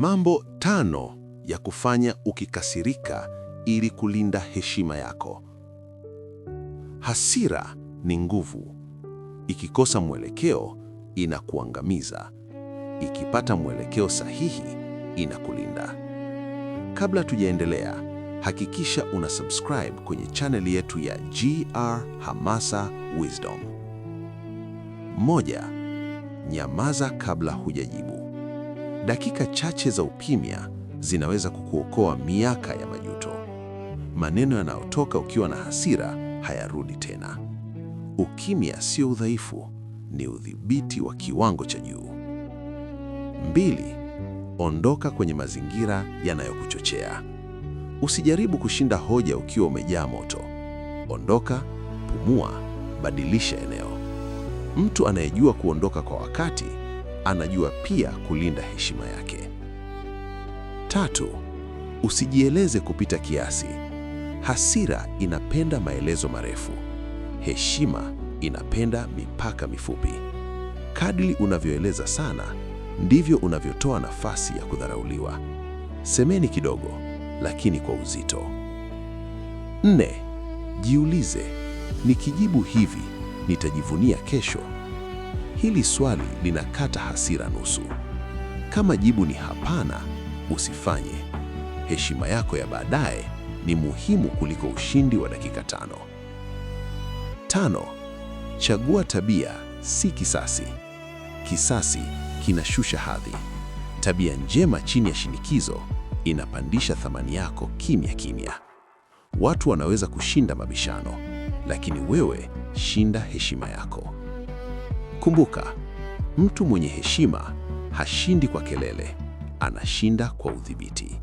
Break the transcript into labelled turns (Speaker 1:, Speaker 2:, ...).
Speaker 1: Mambo tano ya kufanya ukikasirika ili kulinda heshima yako. Hasira ni nguvu. Ikikosa mwelekeo, inakuangamiza. Ikipata mwelekeo sahihi, inakulinda. Kabla tujaendelea, hakikisha una subscribe kwenye chaneli yetu ya GR Hamasa Wisdom. Moja, nyamaza kabla hujajibu. Dakika chache za ukimya zinaweza kukuokoa miaka ya majuto. Maneno yanayotoka ukiwa na hasira hayarudi tena. Ukimya sio udhaifu, ni udhibiti wa kiwango cha juu. Mbili, ondoka kwenye mazingira yanayokuchochea. Usijaribu kushinda hoja ukiwa umejaa moto. Ondoka, pumua, badilisha eneo. Mtu anayejua kuondoka kwa wakati anajua pia kulinda heshima yake. Tatu, usijieleze kupita kiasi. Hasira inapenda maelezo marefu, heshima inapenda mipaka mifupi. Kadri unavyoeleza sana, ndivyo unavyotoa nafasi ya kudharauliwa. Semeni kidogo, lakini kwa uzito. Nne, jiulize, nikijibu hivi nitajivunia kesho? Hili swali linakata hasira nusu. Kama jibu ni hapana, usifanye. Heshima yako ya baadaye ni muhimu kuliko ushindi wa dakika tano. Tano, chagua tabia, si kisasi. Kisasi kinashusha hadhi. Tabia njema chini ya shinikizo inapandisha thamani yako kimya kimya. Watu wanaweza kushinda mabishano, lakini wewe shinda heshima yako. Kumbuka, mtu mwenye heshima hashindi kwa kelele, anashinda kwa udhibiti.